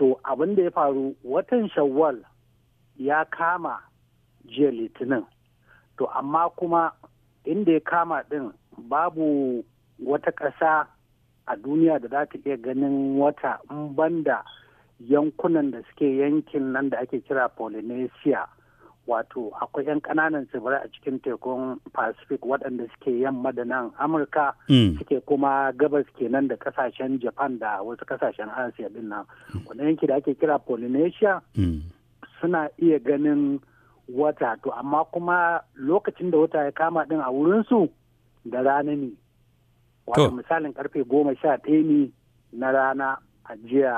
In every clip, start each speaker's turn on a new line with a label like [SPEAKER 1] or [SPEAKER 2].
[SPEAKER 1] to abin da ya faru watan shawwal ya kama jiya litinin to amma kuma inda ya kama din babu wata ƙasa a duniya da za ta iya ganin wata banda yankunan da suke yankin nan da ake kira polynesia wato akwai 'yan kananan tsibirai a cikin tekun pacific waɗanda suke yamma da nan amurka mm. suke kuma gabas kenan da kasashen japan da wasu kasashen asiya din nan mm. wani yanki da ake kira polynesia mm. suna iya ganin wata to amma kuma lokacin da wata ya kama din a wurinsu da rana ne
[SPEAKER 2] wato misalin
[SPEAKER 1] karfe goma sha ɗaya ne na rana a jiya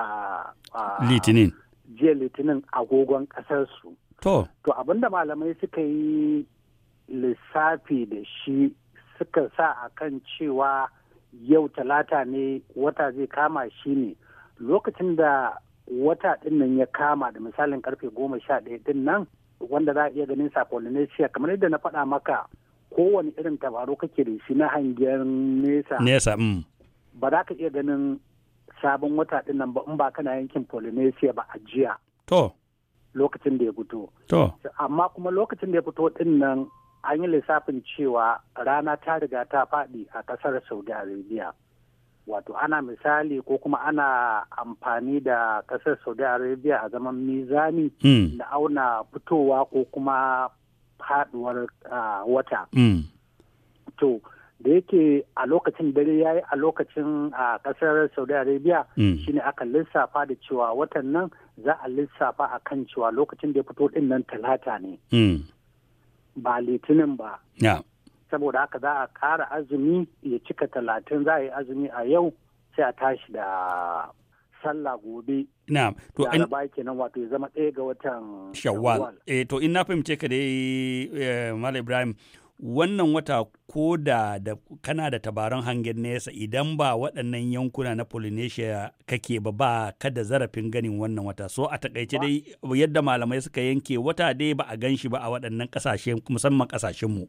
[SPEAKER 1] litinin agogon ƙasarsu To. To abinda malamai suka yi lissafi da shi suka sa a kan cewa yau talata ne wata zai kama shi ne lokacin da wata din nan ya kama da misalin karfe goma sha ɗaya din nan wanda za a iya ganin sa Polynesia kamar yadda na faɗa maka kowane irin tabaro kake da shi na hangen nesa. Nesa. Mm. Ba za ka iya ganin sabon wata din nan ba in ba kana yankin Polynesia ba a jiya. To. lokacin da ya fito. Amma kuma lokacin da ya fito din nan an yi lissafin cewa rana ta riga ta faɗi a ƙasar Saudi Arabia. Wato ana misali ko kuma ana amfani da ƙasar Saudi Arabia a zaman mizani hmm. da auna fitowa ko kuma faɗuwar ah, wata. Hmm. To, da yake a lokacin dare ya yi a lokacin a kasar saudi arabia mm. shine aka lissafa da cewa watan nan za a lissafa a kan cewa lokacin da ya fito din nan talata ne mm. ba litinin ba saboda haka za a kara azumi ya cika talatin za a yi azumi a yau sai a tashi da sallah gobe na to an ba kenan wato ya zama ɗaya ga watan shawwal eh to in na fahimce ka dai eh, malam ibrahim wannan wata ko da kana da tabaran hangen nesa idan ba waɗannan yankuna na polynesia kake ba ba kada zarafin ganin wannan wata so a takaice dai yadda malamai suka yanke wata dai ba a gan shi ba a waɗannan ƙasashe musamman ƙasashenmu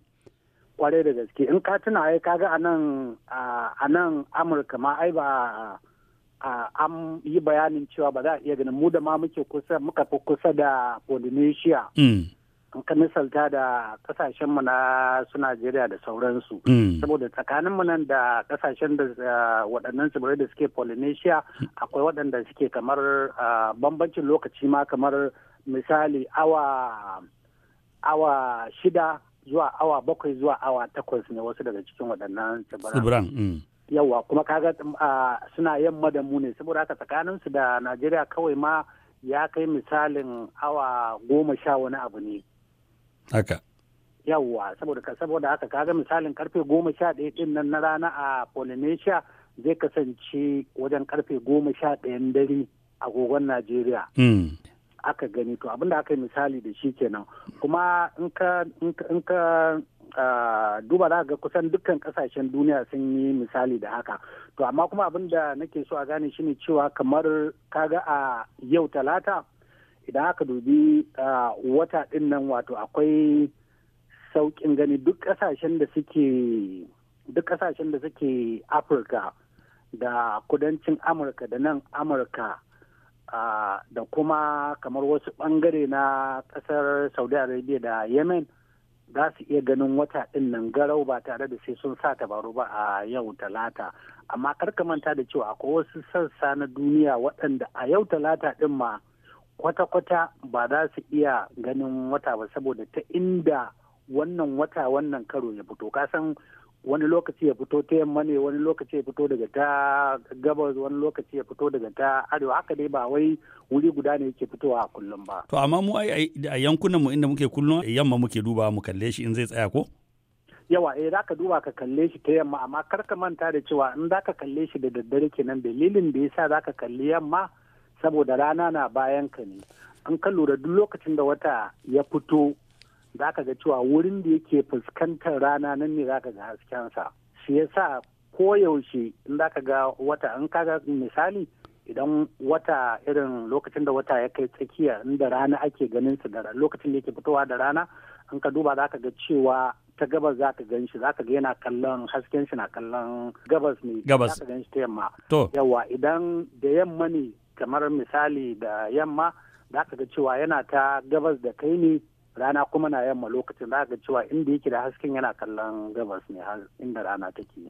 [SPEAKER 1] kwarai da gaske in ka tuna ai kaga a nan a amurka ma ai ba an yi bayanin cewa ba za a iya ganin mu da ma muke kusa muka fi kusa da polynesia mm. ka misalta da kasashen mu na su Najeriya da sauransu. Hmm. Saboda tsakanin mu nan da kasashen da eh, waɗannan tsibirai da suke Polynesia akwai waɗanda suke kamar eh, bambancin lokaci ma kamar misali awa awa shida zuwa awa bakwai zuwa awa takwas ne wasu daga cikin waɗannan tsibiran. Hmm. Yawwa kuma kaga eh, suna yamma da mu ne saboda haka tsakanin su da Najeriya kawai ma ya kai misalin awa goma sha wani abu ne. haka yawwa saboda saboda haka kaga misalin karfe goma sha ɗaya ɗin nan na rana a polynesia zai kasance wajen karfe goma sha ɗayan dare gogon najeriya hmm. aka gani to abinda aka yi misali da shi kenan kuma in ka duba za ga kusan dukkan kasashen duniya sun yi misali da haka to amma kuma abinda nake so a gane shine cewa kamar kaga a yau talata idan aka dubi wata ɗin nan wato akwai sauƙin gani duk ƙasashen da suke duk ƙasashen da suke afirka da kudancin amurka da nan amurka da kuma kamar wasu ɓangare na ƙasar saudi arabia da yemen za su iya ganin wata ɗin nan garau ba tare da sai sun sa tabaru ba a yau talata amma karka manta da cewa akwai wasu sassa na duniya waɗanda a yau talata ɗin ma kwata-kwata ba za su iya ganin wata ba saboda ta inda wannan wata wannan karo ya fito kasan wani lokaci ya fito ta yamma ne wani lokaci ya fito daga ta gabas wani lokaci ya fito daga ta arewa haka dai ba wai wuri guda ne yake fitowa a kullum ba to amma mu a yankunan mu inda muke kullum yamma muke duba mu kalle shi in zai tsaya ko yawa eh za ka duba ka kalle shi ta yamma amma kar ka manta da cewa in za ka kalle shi da daddare kenan dalilin da sa za ka kalli yamma saboda rana na bayan ka ne an ka lura duk lokacin da wata ya fito za ka ga cewa wurin da yake fuskantar rana nan ne za ka ga haskensa shi yasa koyaushe in za ka ga wata an kaga misali idan wata irin lokacin da wata ya kai tsakiya inda rana ake ganin su da lokacin da yake fitowa da rana an ka duba za ka ga cewa ta gabas za ka gan shi za ka ga yana kallon hasken shi na kallon gabas ne za ka gan shi ta yamma yawa idan da yamma ne kamar misali da yamma da aka ga cewa yana ta gabas da kai ne rana kuma na yamma lokacin da aka ga cewa inda yake da hasken yana kallon gabas ne inda rana take